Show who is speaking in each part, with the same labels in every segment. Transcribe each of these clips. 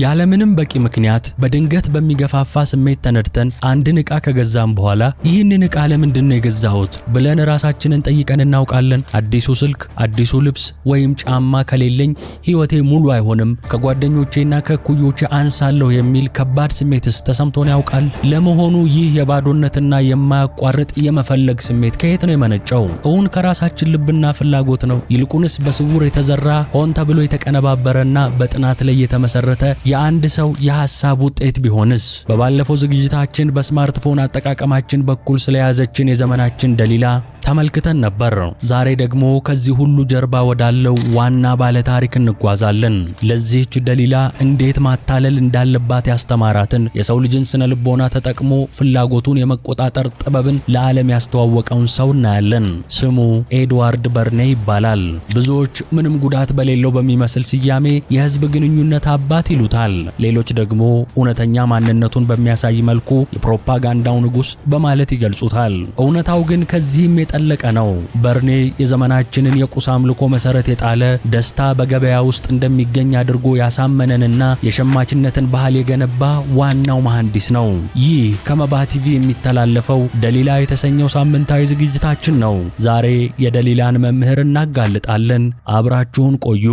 Speaker 1: ያለምንም በቂ ምክንያት በድንገት በሚገፋፋ ስሜት ተነድተን አንድን ዕቃ ከገዛም በኋላ ይህንን ዕቃ ለምንድን ነው የገዛሁት ብለን ራሳችንን ጠይቀን እናውቃለን? አዲሱ ስልክ፣ አዲሱ ልብስ ወይም ጫማ ከሌለኝ ሕይወቴ ሙሉ አይሆንም፣ ከጓደኞቼና ከእኩዮቼ አንሳለሁ የሚል ከባድ ስሜትስ ተሰምቶን ያውቃል? ለመሆኑ ይህ የባዶነትና የማያቋርጥ የመፈለግ ስሜት ከየት ነው የመነጨው? እውን ከራሳችን ልብና ፍላጎት ነው? ይልቁንስ በስውር የተዘራ ሆን ተብሎ የተቀነባበረና በጥናት ላይ የተመሰረተ የአንድ ሰው የሐሳብ ውጤት ቢሆንስ? በባለፈው ዝግጅታችን በስማርትፎን አጠቃቀማችን በኩል ስለያዘችን የዘመናችን ደሊላ ተመልክተን ነበር። ዛሬ ደግሞ ከዚህ ሁሉ ጀርባ ወዳለው ዋና ባለ ታሪክ እንጓዛለን። ለዚህች ደሊላ እንዴት ማታለል እንዳለባት ያስተማራትን የሰው ልጅን ስነ ልቦና ተጠቅሞ ፍላጎቱን የመቆጣጠር ጥበብን ለዓለም ያስተዋወቀውን ሰው እናያለን። ስሙ ኤድዋርድ በርኔ ይባላል። ብዙዎች ምንም ጉዳት በሌለው በሚመስል ስያሜ የህዝብ ግንኙነት አባት ይሉታል። ሌሎች ደግሞ እውነተኛ ማንነቱን በሚያሳይ መልኩ የፕሮፓጋንዳው ንጉሥ በማለት ይገልጹታል። እውነታው ግን ከዚህም የጠለቀ ነው። በርኔ የዘመናችንን የቁስ አምልኮ መሰረት የጣለ ደስታ በገበያ ውስጥ እንደሚገኝ አድርጎ ያሳመነንና የሸማችነትን ባህል የገነባ ዋናው መሐንዲስ ነው። ይህ ከመባ ቲቪ የሚተላለፈው ደሊላ የተሰኘው ሳምንታዊ ዝግጅታችን ነው። ዛሬ የደሊላን መምህር እናጋልጣለን። አብራችሁን ቆዩ።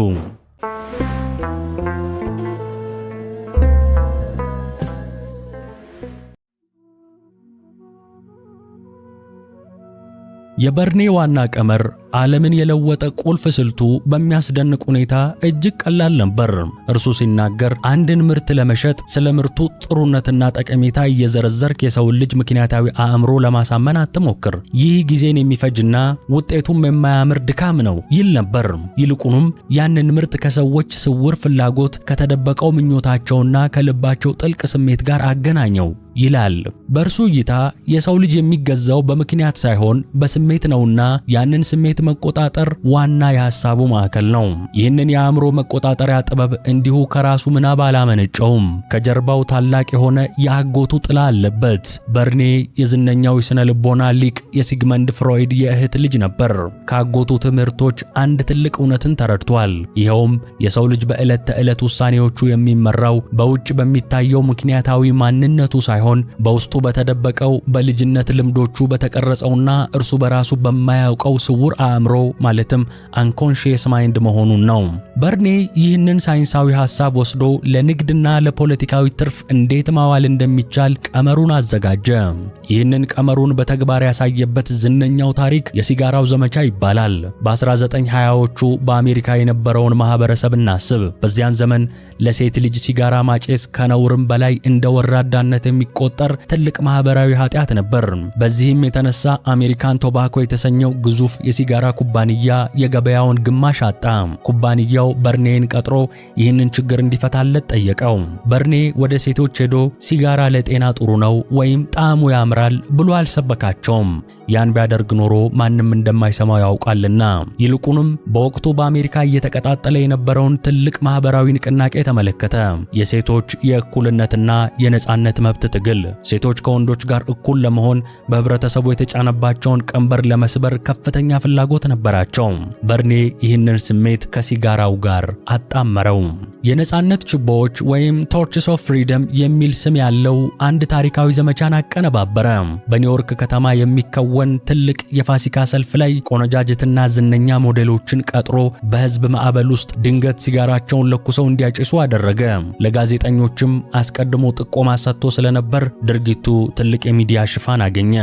Speaker 1: የበርኔ ዋና ቀመር ዓለምን የለወጠ ቁልፍ ስልቱ በሚያስደንቅ ሁኔታ እጅግ ቀላል ነበር። እርሱ ሲናገር አንድን ምርት ለመሸጥ ስለ ምርቱ ጥሩነትና ጠቀሜታ እየዘረዘርክ የሰውን ልጅ ምክንያታዊ አእምሮ ለማሳመን አትሞክር፣ ይህ ጊዜን የሚፈጅና ውጤቱም የማያምር ድካም ነው ይል ነበር። ይልቁንም ያንን ምርት ከሰዎች ስውር ፍላጎት፣ ከተደበቀው ምኞታቸውና ከልባቸው ጥልቅ ስሜት ጋር አገናኘው ይላል። በእርሱ እይታ የሰው ልጅ የሚገዛው በምክንያት ሳይሆን በስሜት ነውና ያንን ስሜት ስሜት መቆጣጠር ዋና የሐሳቡ ማዕከል ነው። ይህንን የአእምሮ መቆጣጠሪያ ጥበብ እንዲሁ ከራሱ ምናብ አላመነጨውም። ከጀርባው ታላቅ የሆነ የአጎቱ ጥላ አለበት። በርኔ የዝነኛው የሥነ ልቦና ሊቅ የሲግመንድ ፍሮይድ የእህት ልጅ ነበር። ካጎቱ ትምህርቶች አንድ ትልቅ እውነትን ተረድቷል። ይኸውም የሰው ልጅ በዕለት ተዕለት ውሳኔዎቹ የሚመራው በውጭ በሚታየው ምክንያታዊ ማንነቱ ሳይሆን በውስጡ በተደበቀው በልጅነት ልምዶቹ በተቀረጸውና እርሱ በራሱ በማያውቀው ስውር አእምሮ ማለትም አንኮንሺየስ ማይንድ መሆኑን ነው። በርኔ ይህንን ሳይንሳዊ ሐሳብ ወስዶ ለንግድና ለፖለቲካዊ ትርፍ እንዴት ማዋል እንደሚቻል ቀመሩን አዘጋጀ። ይህንን ቀመሩን በተግባር ያሳየበት ዝነኛው ታሪክ የሲጋራው ዘመቻ ይባላል። በ1920ዎቹ በአሜሪካ የነበረውን ማህበረሰብ እናስብ። በዚያን ዘመን ለሴት ልጅ ሲጋራ ማጨስ ከነውርም በላይ እንደ ወራዳነት የሚቆጠር ትልቅ ማህበራዊ ኃጢአት ነበር። በዚህም የተነሳ አሜሪካን ቶባኮ የተሰኘው ግዙፍ የሲጋራ የሲጋራ ኩባንያ የገበያውን ግማሽ አጣ። ኩባንያው በርኔን ቀጥሮ ይህንን ችግር እንዲፈታለት ጠየቀው። በርኔ ወደ ሴቶች ሄዶ ሲጋራ ለጤና ጥሩ ነው ወይም ጣዕሙ ያምራል ብሎ አልሰበካቸውም። ያን ቢያደርግ ኖሮ ማንም እንደማይሰማው ያውቃልና። ይልቁንም በወቅቱ በአሜሪካ እየተቀጣጠለ የነበረውን ትልቅ ማህበራዊ ንቅናቄ ተመለከተ። የሴቶች የእኩልነትና የነጻነት መብት ትግል ሴቶች ከወንዶች ጋር እኩል ለመሆን በህብረተሰቡ የተጫነባቸውን ቀንበር ለመስበር ከፍተኛ ፍላጎት ነበራቸው። በርኔ ይህንን ስሜት ከሲጋራው ጋር አጣመረው። የነፃነት ችቦዎች ወይም ቶርችስ ኦፍ ፍሪደም የሚል ስም ያለው አንድ ታሪካዊ ዘመቻን አቀነባበረ። በኒውዮርክ ከተማ የሚከወን ትልቅ የፋሲካ ሰልፍ ላይ ቆነጃጅትና ዝነኛ ሞዴሎችን ቀጥሮ በሕዝብ ማዕበል ውስጥ ድንገት ሲጋራቸውን ለኩሰው እንዲያጭሱ አደረገ። ለጋዜጠኞችም አስቀድሞ ጥቆማ ሰጥቶ ስለነበር ድርጊቱ ትልቅ የሚዲያ ሽፋን አገኘ።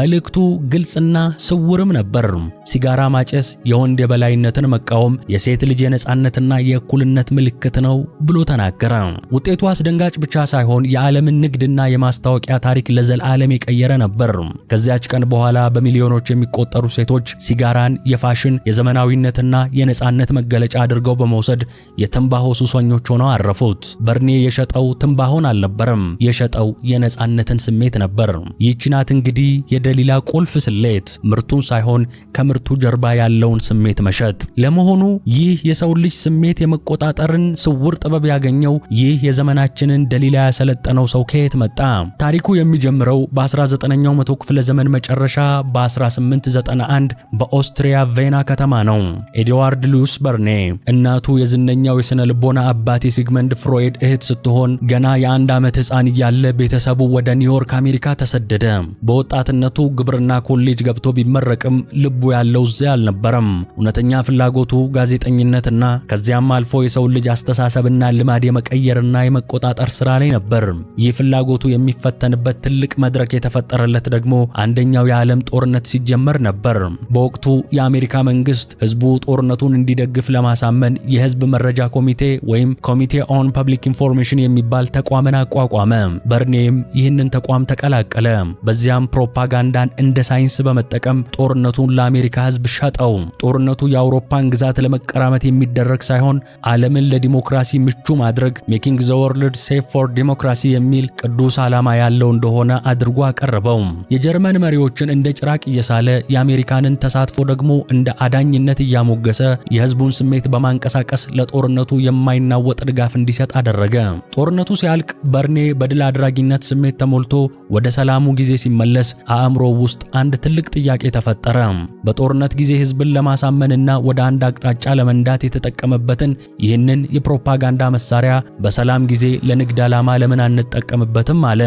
Speaker 1: መልእክቱ ግልጽና ስውርም ነበር። ሲጋራ ማጨስ የወንድ የበላይነትን መቃወም፣ የሴት ልጅ የነፃነትና የእኩልነት ምልክት ምልክት ነው ብሎ ተናገረ። ውጤቱ አስደንጋጭ ብቻ ሳይሆን የዓለምን ንግድና የማስታወቂያ ታሪክ ለዘላለም የቀየረ ነበር። ከዚያች ቀን በኋላ በሚሊዮኖች የሚቆጠሩ ሴቶች ሲጋራን የፋሽን የዘመናዊነትና የነጻነት መገለጫ አድርገው በመውሰድ የትንባሆ ሱሰኞች ሆነው አረፉት። በርኔ የሸጠው ትንባሆን አልነበረም፣ የሸጠው የነጻነትን ስሜት ነበር። ይህች ናት እንግዲህ የደሊላ ቁልፍ ስሌት፣ ምርቱን ሳይሆን ከምርቱ ጀርባ ያለውን ስሜት መሸጥ። ለመሆኑ ይህ የሰው ልጅ ስሜት የመቆጣጠርን ስውር ጥበብ ያገኘው ይህ የዘመናችንን ደሊላ ያሰለጠነው ሰው ከየት መጣ? ታሪኩ የሚጀምረው በ19ኛው መቶ ክፍለ ዘመን መጨረሻ በ1891 በኦስትሪያ ቬና ከተማ ነው። ኤድዋርድ ሉዊስ በርኔ እናቱ የዝነኛው የሥነ ልቦና አባት የሲግመንድ ፍሮይድ እህት ስትሆን ገና የአንድ ዓመት ሕፃን እያለ ቤተሰቡ ወደ ኒውዮርክ አሜሪካ ተሰደደ። በወጣትነቱ ግብርና ኮሌጅ ገብቶ ቢመረቅም ልቡ ያለው እዚያ አልነበረም። እውነተኛ ፍላጎቱ ጋዜጠኝነትና ከዚያም አልፎ የሰው ልጅ አስተ አስተሳሰብና ልማድ የመቀየርና የመቆጣጠር ስራ ላይ ነበር። ይህ ፍላጎቱ የሚፈተንበት ትልቅ መድረክ የተፈጠረለት ደግሞ አንደኛው የዓለም ጦርነት ሲጀመር ነበር። በወቅቱ የአሜሪካ መንግስት ህዝቡ ጦርነቱን እንዲደግፍ ለማሳመን የህዝብ መረጃ ኮሚቴ ወይም ኮሚቴ ኦን ፐብሊክ ኢንፎርሜሽን የሚባል ተቋምን አቋቋመ። በርኔም ይህንን ተቋም ተቀላቀለ። በዚያም ፕሮፓጋንዳን እንደ ሳይንስ በመጠቀም ጦርነቱን ለአሜሪካ ህዝብ ሸጠው። ጦርነቱ የአውሮፓን ግዛት ለመቀራመት የሚደረግ ሳይሆን ዓለምን ለዲሞ ለዲሞክራሲ ምቹ ማድረግ ሜኪንግ ዘ ወርልድ ሴፍ ፎር ዲሞክራሲ የሚል ቅዱስ ዓላማ ያለው እንደሆነ አድርጎ አቀረበው። የጀርመን መሪዎችን እንደ ጭራቅ እየሳለ የአሜሪካንን ተሳትፎ ደግሞ እንደ አዳኝነት እያሞገሰ የህዝቡን ስሜት በማንቀሳቀስ ለጦርነቱ የማይናወጥ ድጋፍ እንዲሰጥ አደረገ። ጦርነቱ ሲያልቅ በርኔ በድል አድራጊነት ስሜት ተሞልቶ ወደ ሰላሙ ጊዜ ሲመለስ አእምሮ ውስጥ አንድ ትልቅ ጥያቄ ተፈጠረ። በጦርነት ጊዜ ህዝብን ለማሳመንና ወደ አንድ አቅጣጫ ለመንዳት የተጠቀመበትን ይህንን የፕሮፓጋንዳ መሳሪያ በሰላም ጊዜ ለንግድ ዓላማ ለምን አንጠቀምበትም አለ።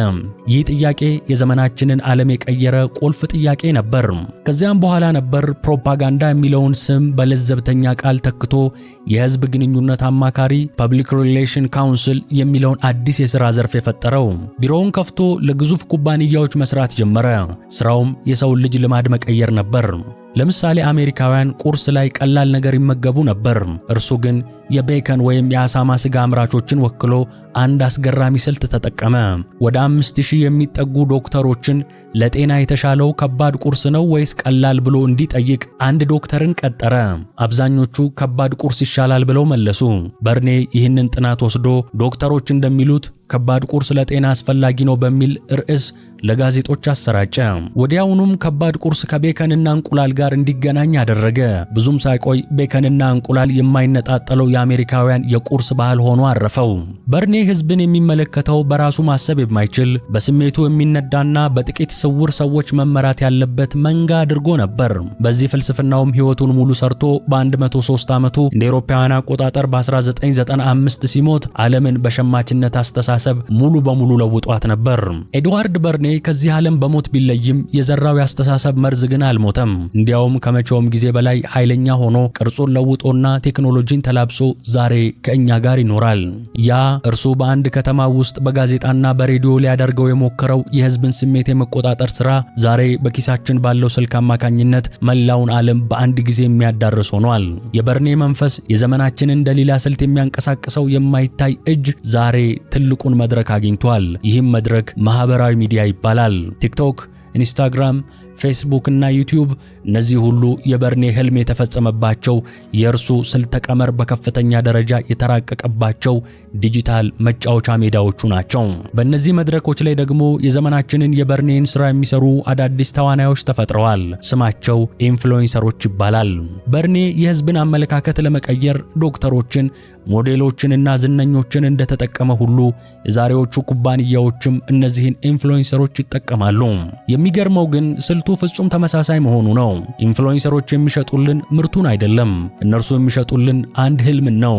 Speaker 1: ይህ ጥያቄ የዘመናችንን ዓለም የቀየረ ቁልፍ ጥያቄ ነበር። ከዚያም በኋላ ነበር ፕሮፓጋንዳ የሚለውን ስም በለዘብተኛ ቃል ተክቶ የህዝብ ግንኙነት አማካሪ ፐብሊክ ሪሌሽን ካውንስል የሚለውን አዲስ የሥራ ዘርፍ የፈጠረው። ቢሮውን ከፍቶ ለግዙፍ ኩባንያዎች መስራት ጀመረ። ስራውም የሰውን ልጅ ልማድ መቀየር ነበር። ለምሳሌ አሜሪካውያን ቁርስ ላይ ቀላል ነገር ይመገቡ ነበር። እርሱ ግን የቤከን ወይም የአሳማ ሥጋ አምራቾችን ወክሎ አንድ አስገራሚ ስልት ተጠቀመ። ወደ 5000 የሚጠጉ ዶክተሮችን ለጤና የተሻለው ከባድ ቁርስ ነው ወይስ ቀላል ብሎ እንዲጠይቅ አንድ ዶክተርን ቀጠረ። አብዛኞቹ ከባድ ቁርስ ይሻላል ብለው መለሱ። በርኔ ይህንን ጥናት ወስዶ ዶክተሮች እንደሚሉት ከባድ ቁርስ ለጤና አስፈላጊ ነው በሚል ርዕስ ለጋዜጦች አሰራጨ። ወዲያውኑም ከባድ ቁርስ ከቤከንና እንቁላል ጋር እንዲገናኝ አደረገ። ብዙም ሳይቆይ ቤከንና እንቁላል የማይነጣጠለው የአሜሪካውያን የቁርስ ባህል ሆኖ አረፈው። በርኔ ህዝብን የሚመለከተው በራሱ ማሰብ የማይችል በስሜቱ የሚነዳና በጥቂት ስውር ሰዎች መመራት ያለበት መንጋ አድርጎ ነበር። በዚህ ፍልስፍናውም ህይወቱን ሙሉ ሰርቶ በ103 ዓመቱ እንደ አውሮፓውያን አቆጣጠር በ1995 ሲሞት ዓለምን በሸማችነት አስተሳሰብ ሙሉ በሙሉ ለውጧት ነበር። ኤድዋርድ በርኔ ከዚህ ዓለም በሞት ቢለይም የዘራው የአስተሳሰብ መርዝ ግን አልሞተም። እንዲያውም ከመቼውም ጊዜ በላይ ኃይለኛ ሆኖ ቅርጹን ለውጦና ቴክኖሎጂን ተላብሶ ዛሬ ከእኛ ጋር ይኖራል። ያ እርሱ በአንድ ከተማ ውስጥ በጋዜጣና በሬዲዮ ሊያደርገው የሞከረው የህዝብን ስሜት የመቆጣጠር ስራ ዛሬ በኪሳችን ባለው ስልክ አማካኝነት መላውን ዓለም በአንድ ጊዜ የሚያዳርስ ሆኗል። የበርኔ መንፈስ የዘመናችንን ደሊላ ስልት የሚያንቀሳቅሰው የማይታይ እጅ ዛሬ ትልቁን መድረክ አግኝቷል። ይህም መድረክ ማህበራዊ ሚዲያ ይባላል። ቲክቶክ፣ ኢንስታግራም ፌስቡክ እና ዩቲዩብ እነዚህ ሁሉ የበርኔ ህልም የተፈጸመባቸው የእርሱ ስልተ ቀመር በከፍተኛ ደረጃ የተራቀቀባቸው ዲጂታል መጫወቻ ሜዳዎቹ ናቸው። በእነዚህ መድረኮች ላይ ደግሞ የዘመናችንን የበርኔን ስራ የሚሰሩ አዳዲስ ተዋናዮች ተፈጥረዋል። ስማቸው ኢንፍሉዌንሰሮች ይባላል። በርኔ የህዝብን አመለካከት ለመቀየር ዶክተሮችን፣ ሞዴሎችንና ዝነኞችን እንደተጠቀመ ሁሉ የዛሬዎቹ ኩባንያዎችም እነዚህን ኢንፍሉዌንሰሮች ይጠቀማሉ። የሚገርመው ግን ስል ምርቱ ፍጹም ተመሳሳይ መሆኑ ነው። ኢንፍሉዌንሰሮች የሚሸጡልን ምርቱን አይደለም፣ እነርሱ የሚሸጡልን አንድ ህልምን ነው።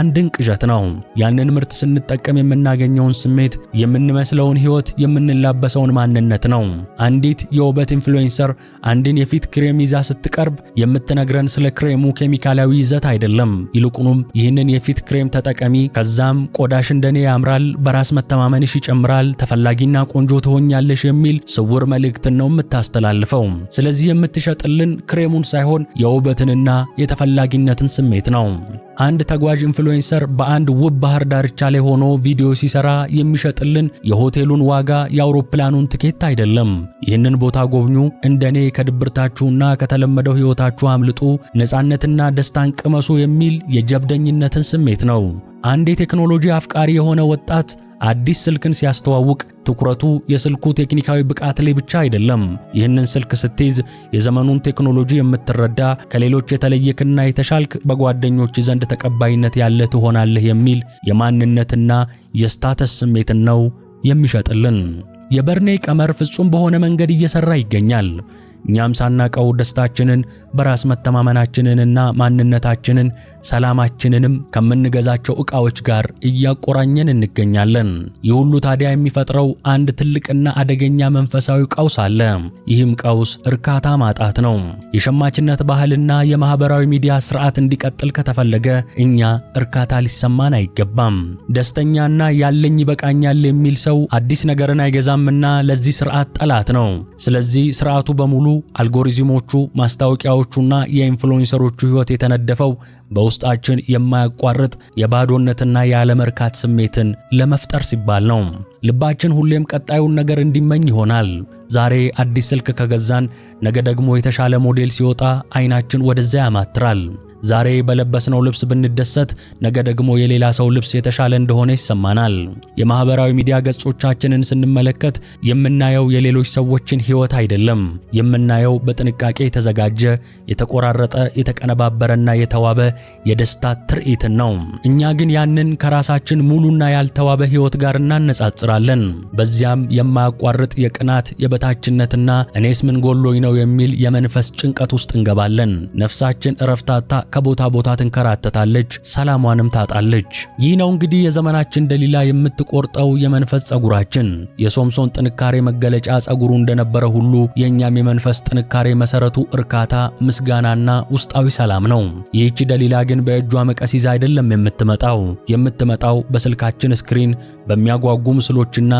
Speaker 1: አንድን ቅዠት ነው። ያንን ምርት ስንጠቀም የምናገኘውን ስሜት፣ የምንመስለውን ህይወት የምንላበሰውን ማንነት ነው። አንዲት የውበት ኢንፍሉዌንሰር አንድን የፊት ክሬም ይዛ ስትቀርብ የምትነግረን ስለ ክሬሙ ኬሚካላዊ ይዘት አይደለም። ይልቁኑም ይህንን የፊት ክሬም ተጠቀሚ፣ ከዛም ቆዳሽ እንደኔ ያምራል፣ በራስ መተማመንሽ ይጨምራል፣ ተፈላጊና ቆንጆ ትሆኛለሽ የሚል ስውር መልእክትን ነው የምታስተላልፈው። ስለዚህ የምትሸጥልን ክሬሙን ሳይሆን የውበትንና የተፈላጊነትን ስሜት ነው። አንድ ተጓዥ ኢንፍሉዌንሰር በአንድ ውብ ባህር ዳርቻ ላይ ሆኖ ቪዲዮ ሲሰራ የሚሸጥልን የሆቴሉን ዋጋ የአውሮፕላኑን ትኬት አይደለም። ይህንን ቦታ ጎብኙ፣ እንደኔ ከድብርታችሁና ከተለመደው ሕይወታችሁ አምልጡ፣ ነፃነትና ደስታን ቅመሱ የሚል የጀብደኝነትን ስሜት ነው። አንድ የቴክኖሎጂ አፍቃሪ የሆነ ወጣት አዲስ ስልክን ሲያስተዋውቅ ትኩረቱ የስልኩ ቴክኒካዊ ብቃት ላይ ብቻ አይደለም። ይህንን ስልክ ስትይዝ የዘመኑን ቴክኖሎጂ የምትረዳ ከሌሎች የተለየክና የተሻልክ በጓደኞች ዘንድ ተቀባይነት ያለ ትሆናለህ የሚል የማንነትና የስታተስ ስሜትን ነው የሚሸጥልን። የበርኔ ቀመር ፍጹም በሆነ መንገድ እየሰራ ይገኛል። እኛም ሳናቀው ደስታችንን በራስ መተማመናችንንና ማንነታችንን ሰላማችንንም ከምንገዛቸው ዕቃዎች ጋር እያቆራኘን እንገኛለን። ይህ ሁሉ ታዲያ የሚፈጥረው አንድ ትልቅና አደገኛ መንፈሳዊ ቀውስ አለ። ይህም ቀውስ እርካታ ማጣት ነው። የሸማችነት ባህልና የማህበራዊ ሚዲያ ስርዓት እንዲቀጥል ከተፈለገ እኛ እርካታ ሊሰማን አይገባም። ደስተኛና ያለኝ ይበቃኛል የሚል ሰው አዲስ ነገርን አይገዛምና ለዚህ ስርዓት ጠላት ነው። ስለዚህ ስርዓቱ በሙሉ አልጎሪዝሞቹ፣ ማስታወቂያዎ የብዙዎቹና የኢንፍሉዌንሰሮቹ ሕይወት የተነደፈው በውስጣችን የማያቋርጥ የባዶነትና ያለመርካት ስሜትን ለመፍጠር ሲባል ነው። ልባችን ሁሌም ቀጣዩን ነገር እንዲመኝ ይሆናል። ዛሬ አዲስ ስልክ ከገዛን ነገ ደግሞ የተሻለ ሞዴል ሲወጣ አይናችን ወደዚያ ያማትራል። ዛሬ በለበስነው ልብስ ብንደሰት ነገ ደግሞ የሌላ ሰው ልብስ የተሻለ እንደሆነ ይሰማናል። የማህበራዊ ሚዲያ ገጾቻችንን ስንመለከት የምናየው የሌሎች ሰዎችን ሕይወት አይደለም። የምናየው በጥንቃቄ የተዘጋጀ የተቆራረጠ፣ የተቀነባበረና የተዋበ የደስታ ትርኢትን ነው። እኛ ግን ያንን ከራሳችን ሙሉና ያልተዋበ ሕይወት ጋር እናነጻጽራለን። በዚያም የማያቋርጥ የቅናት የበታችነትና እኔስ ምን ጎሎኝ ነው የሚል የመንፈስ ጭንቀት ውስጥ እንገባለን። ነፍሳችን እረፍታታ ከቦታ ቦታ ትንከራተታለች፣ ሰላሟንም ታጣለች። ይህ ነው እንግዲህ የዘመናችን ደሊላ የምትቆርጠው የመንፈስ ጸጉራችን። የሶምሶን ጥንካሬ መገለጫ ጸጉሩ እንደነበረ ሁሉ የእኛም የመንፈስ ጥንካሬ መሰረቱ እርካታ፣ ምስጋናና ውስጣዊ ሰላም ነው። ይህቺ ደሊላ ግን በእጇ መቀስ ይዛ አይደለም የምትመጣው። የምትመጣው በስልካችን ስክሪን በሚያጓጉ ምስሎችና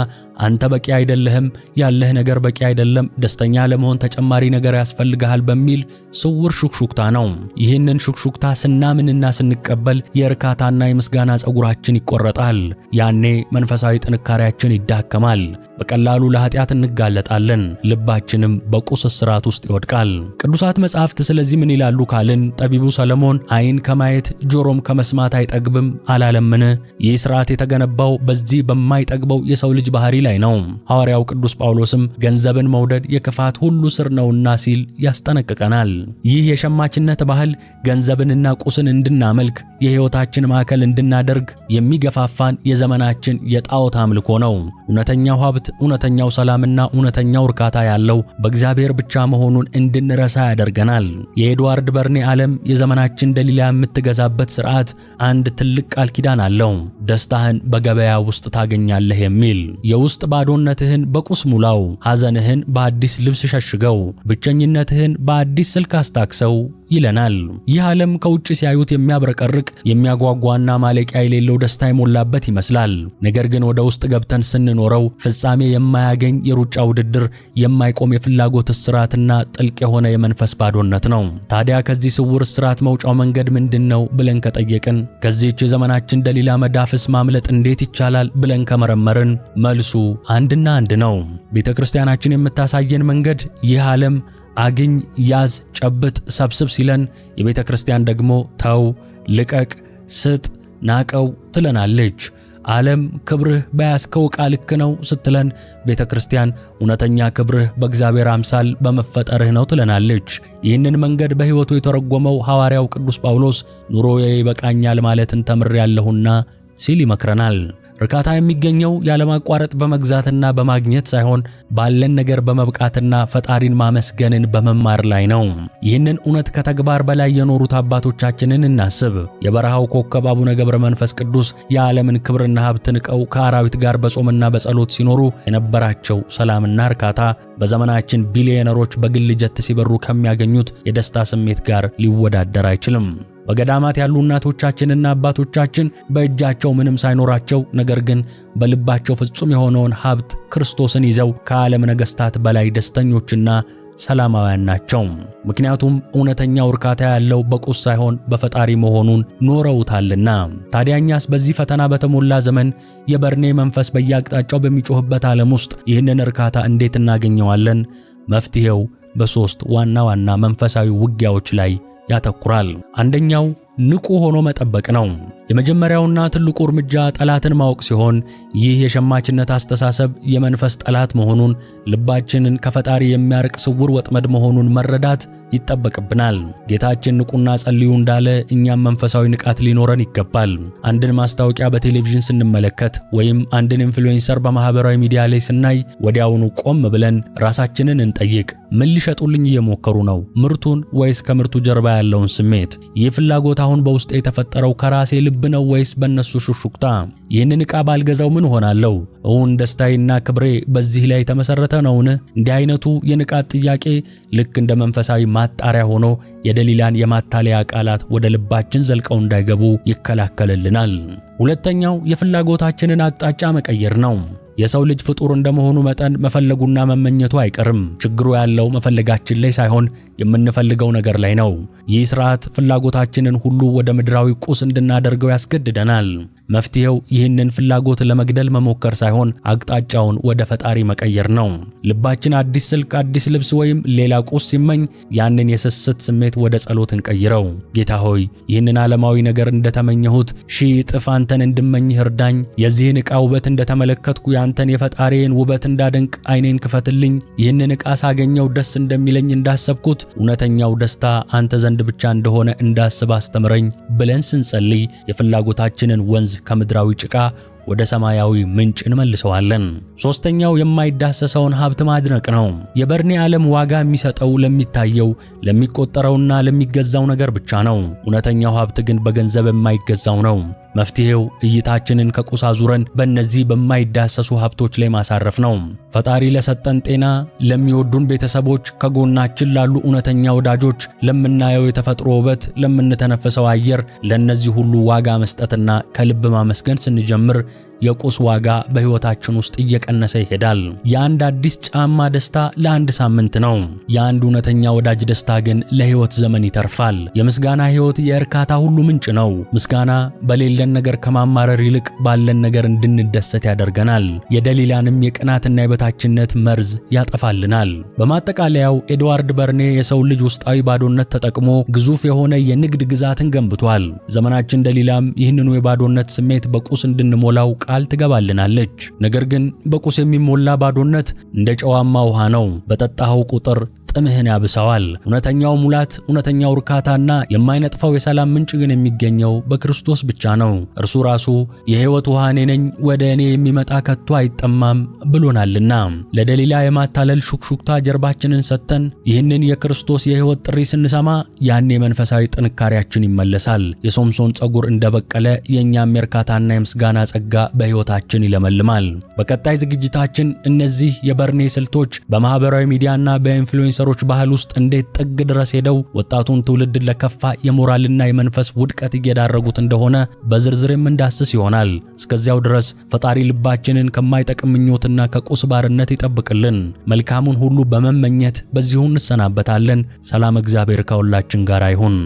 Speaker 1: አንተ በቂ አይደለህም፣ ያለህ ነገር በቂ አይደለም፣ ደስተኛ ለመሆን ተጨማሪ ነገር ያስፈልግሃል በሚል ስውር ሹክሹክታ ነው። ይህንን ሹክሹክታ ስናምንና ስንቀበል የእርካታና የምስጋና ጸጉራችን ይቆረጣል። ያኔ መንፈሳዊ ጥንካሬያችን ይዳከማል። በቀላሉ ለኃጢአት እንጋለጣለን። ልባችንም በቁስ እስራት ውስጥ ይወድቃል። ቅዱሳት መጻሕፍት ስለዚህ ምን ይላሉ ካልን ጠቢቡ ሰለሞን ዓይን ከማየት ጆሮም ከመስማት አይጠግብም አላለምን? ይህ ስርዓት የተገነባው በዚህ በማይጠግበው የሰው ልጅ ባህሪ ላይ ነው። ሐዋርያው ቅዱስ ጳውሎስም ገንዘብን መውደድ የክፋት ሁሉ ስር ነውና ሲል ያስጠነቅቀናል። ይህ የሸማችነት ባህል ገንዘብንና ቁስን እንድናመልክ የሕይወታችን ማዕከል እንድናደርግ የሚገፋፋን የዘመናችን የጣዖት አምልኮ ነው። እውነተኛው ሀብት፣ እውነተኛው ሰላምና እውነተኛው እርካታ ያለው በእግዚአብሔር ብቻ መሆኑን እንድንረሳ ያደርገናል። የኤድዋርድ በርኔ ዓለም የዘመናችን ደሊላ የምትገዛበት ስርዓት አንድ ትልቅ ቃል ኪዳን አለው። ደስታህን በገበያ ውስጥ ታገኛለህ የሚል የውስጥ ውስጥ ባዶነትህን በቁስ ሙላው፣ ሐዘንህን በአዲስ ልብስ ሸሽገው፣ ብቸኝነትህን በአዲስ ስልክ አስታክሰው። ይለናል። ይህ ዓለም ከውጭ ሲያዩት የሚያብረቀርቅ የሚያጓጓና ማለቂያ የሌለው ደስታ የሞላበት ይመስላል። ነገር ግን ወደ ውስጥ ገብተን ስንኖረው ፍጻሜ የማያገኝ የሩጫ ውድድር፣ የማይቆም የፍላጎት እስራትና ጥልቅ የሆነ የመንፈስ ባዶነት ነው። ታዲያ ከዚህ ስውር እስራት መውጫው መንገድ ምንድን ነው ብለን ከጠየቅን፣ ከዚህች የዘመናችን ደሊላ መዳፍስ ማምለጥ እንዴት ይቻላል ብለን ከመረመርን መልሱ አንድና አንድ ነው። ቤተ ክርስቲያናችን የምታሳየን መንገድ ይህ ዓለም አግኝ፣ ያዝ፣ ጨብጥ፣ ሰብስብ ሲለን የቤተ ክርስቲያን ደግሞ ተው፣ ልቀቅ፣ ስጥ፣ ናቀው ትለናለች። ዓለም ክብርህ በያዝከው ዕቃ ልክ ነው ስትለን፣ ቤተ ክርስቲያን እውነተኛ ክብርህ በእግዚአብሔር አምሳል በመፈጠርህ ነው ትለናለች። ይህንን መንገድ በሕይወቱ የተረጎመው ሐዋርያው ቅዱስ ጳውሎስ ኑሮዬ ይበቃኛል ማለትን ተምሬያለሁና ሲል ይመክረናል። እርካታ የሚገኘው ያለማቋረጥ በመግዛትና በማግኘት ሳይሆን ባለን ነገር በመብቃትና ፈጣሪን ማመስገንን በመማር ላይ ነው። ይህንን እውነት ከተግባር በላይ የኖሩት አባቶቻችንን እናስብ። የበረሃው ኮከብ አቡነ ገብረ መንፈስ ቅዱስ የዓለምን ክብርና ሀብት ንቀው ከአራዊት ጋር በጾምና በጸሎት ሲኖሩ የነበራቸው ሰላምና እርካታ በዘመናችን ቢሊዮነሮች በግል ጀት ሲበሩ ከሚያገኙት የደስታ ስሜት ጋር ሊወዳደር አይችልም። በገዳማት ያሉ እናቶቻችንና አባቶቻችን በእጃቸው ምንም ሳይኖራቸው ነገር ግን በልባቸው ፍጹም የሆነውን ሀብት ክርስቶስን ይዘው ከዓለም ነገሥታት በላይ ደስተኞችና ሰላማውያን ናቸው። ምክንያቱም እውነተኛው እርካታ ያለው በቁስ ሳይሆን በፈጣሪ መሆኑን ኖረውታልና። ታዲያኛስ በዚህ ፈተና በተሞላ ዘመን የበርኔ መንፈስ በየአቅጣጫው በሚጮህበት ዓለም ውስጥ ይህንን እርካታ እንዴት እናገኘዋለን? መፍትሄው በሦስት ዋና ዋና መንፈሳዊ ውጊያዎች ላይ ያተኩራል። አንደኛው ንቁ ሆኖ መጠበቅ ነው። የመጀመሪያውና ትልቁ እርምጃ ጠላትን ማወቅ ሲሆን ይህ የሸማችነት አስተሳሰብ የመንፈስ ጠላት መሆኑን፣ ልባችንን ከፈጣሪ የሚያርቅ ስውር ወጥመድ መሆኑን መረዳት ይጠበቅብናል። ጌታችን ንቁና ጸልዩ እንዳለ እኛም መንፈሳዊ ንቃት ሊኖረን ይገባል። አንድን ማስታወቂያ በቴሌቪዥን ስንመለከት ወይም አንድን ኢንፍሉዌንሰር በማህበራዊ ሚዲያ ላይ ስናይ ወዲያውኑ ቆም ብለን ራሳችንን እንጠይቅ። ምን ሊሸጡልኝ እየሞከሩ ነው? ምርቱን ወይስ ከምርቱ ጀርባ ያለውን ስሜት? ይህ ፍላጎት አሁን በውስጤ የተፈጠረው ከራሴ ልብ ልብ ነው ወይስ በእነሱ ሹክሹክታ? ይህንን ዕቃ ባልገዛው ምን ሆናለሁ? እውን ደስታዬና ክብሬ በዚህ ላይ የተመሠረተ ነውን? እንዲህ አይነቱ የንቃት ጥያቄ ልክ እንደ መንፈሳዊ ማጣሪያ ሆኖ የደሊላን የማታለያ ቃላት ወደ ልባችን ዘልቀው እንዳይገቡ ይከላከልልናል። ሁለተኛው የፍላጎታችንን አቅጣጫ መቀየር ነው። የሰው ልጅ ፍጡር እንደመሆኑ መጠን መፈለጉና መመኘቱ አይቀርም። ችግሩ ያለው መፈለጋችን ላይ ሳይሆን የምንፈልገው ነገር ላይ ነው። ይህ ስርዓት ፍላጎታችንን ሁሉ ወደ ምድራዊ ቁስ እንድናደርገው ያስገድደናል። መፍትሄው ይህንን ፍላጎት ለመግደል መሞከር ሳይሆን አቅጣጫውን ወደ ፈጣሪ መቀየር ነው። ልባችን አዲስ ስልክ፣ አዲስ ልብስ ወይም ሌላ ቁስ ሲመኝ ያንን የስስት ስሜት ወደ ጸሎት እንቀይረው። ጌታ ሆይ ይህንን ዓለማዊ ነገር እንደተመኘሁት ሺህ እጥፍ አንተን እንድመኝህ እርዳኝ። የዚህን ዕቃ ውበት እንደተመለከትኩ ያንተን የፈጣሪን ውበት እንዳደንቅ ዓይኔን ክፈትልኝ። ይህንን ዕቃ ሳገኘው ደስ እንደሚለኝ እንዳሰብኩት እውነተኛው ደስታ አንተ ዘንድ ብቻ እንደሆነ እንዳስብ አስተምረኝ ብለን ስንጸልይ የፍላጎታችንን ወንዝ ከምድራዊ ጭቃ ወደ ሰማያዊ ምንጭ እንመልሰዋለን። ሶስተኛው የማይዳሰሰውን ሀብት ማድነቅ ነው። የበርኔ ዓለም ዋጋ የሚሰጠው ለሚታየው፣ ለሚቆጠረውና ለሚገዛው ነገር ብቻ ነው። እውነተኛው ሀብት ግን በገንዘብ የማይገዛው ነው። መፍትሄው እይታችንን ከቁሳ ዙረን በእነዚህ በማይዳሰሱ ሀብቶች ላይ ማሳረፍ ነው። ፈጣሪ ለሰጠን ጤና፣ ለሚወዱን ቤተሰቦች፣ ከጎናችን ላሉ እውነተኛ ወዳጆች፣ ለምናየው የተፈጥሮ ውበት፣ ለምንተነፈሰው አየር፣ ለእነዚህ ሁሉ ዋጋ መስጠትና ከልብ ማመስገን ስንጀምር የቁስ ዋጋ በሕይወታችን ውስጥ እየቀነሰ ይሄዳል። የአንድ አዲስ ጫማ ደስታ ለአንድ ሳምንት ነው። የአንድ እውነተኛ ወዳጅ ደስታ ግን ለሕይወት ዘመን ይተርፋል። የምስጋና ሕይወት የእርካታ ሁሉ ምንጭ ነው። ምስጋና በሌለን ነገር ከማማረር ይልቅ ባለን ነገር እንድንደሰት ያደርገናል። የደሊላንም የቅናትና የበታችነት መርዝ ያጠፋልናል። በማጠቃለያው ኤድዋርድ በርኔ የሰው ልጅ ውስጣዊ ባዶነት ተጠቅሞ ግዙፍ የሆነ የንግድ ግዛትን ገንብቷል። ዘመናችን ደሊላም ይህንኑ የባዶነት ስሜት በቁስ እንድንሞላው ቃል ትገባልናለች። ነገር ግን በቁስ የሚሞላ ባዶነት እንደ ጨዋማ ውሃ ነው። በጠጣኸው ቁጥር ጥምህን ያብሰዋል። እውነተኛው ሙላት፣ እውነተኛው እርካታና የማይነጥፈው የሰላም ምንጭ ግን የሚገኘው በክርስቶስ ብቻ ነው። እርሱ ራሱ የሕይወት ውሃ እኔ ነኝ፣ ወደ እኔ የሚመጣ ከቶ አይጠማም ብሎናልና ለደሊላ የማታለል ሹክሹክታ ጀርባችንን ሰጥተን ይህንን የክርስቶስ የሕይወት ጥሪ ስንሰማ ያኔ መንፈሳዊ ጥንካሬያችን ይመለሳል። የሶምሶን ጸጉር እንደበቀለ የእኛም የእርካታና የምስጋና ጸጋ በሕይወታችን ይለመልማል። በቀጣይ ዝግጅታችን እነዚህ የበርኔ ስልቶች በማኅበራዊ ሚዲያና በኢንፍሉዌንሰ የዶክተሮች ባህል ውስጥ እንዴት ጥግ ድረስ ሄደው ወጣቱን ትውልድ ለከፋ የሞራልና የመንፈስ ውድቀት እየዳረጉት እንደሆነ በዝርዝር የምንዳስስ ይሆናል። እስከዚያው ድረስ ፈጣሪ ልባችንን ከማይጠቅም ምኞትና ከቁስ ባርነት ይጠብቅልን። መልካሙን ሁሉ በመመኘት በዚሁ እንሰናበታለን። ሰላም፣ እግዚአብሔር ከሁላችን ጋር ይሁን።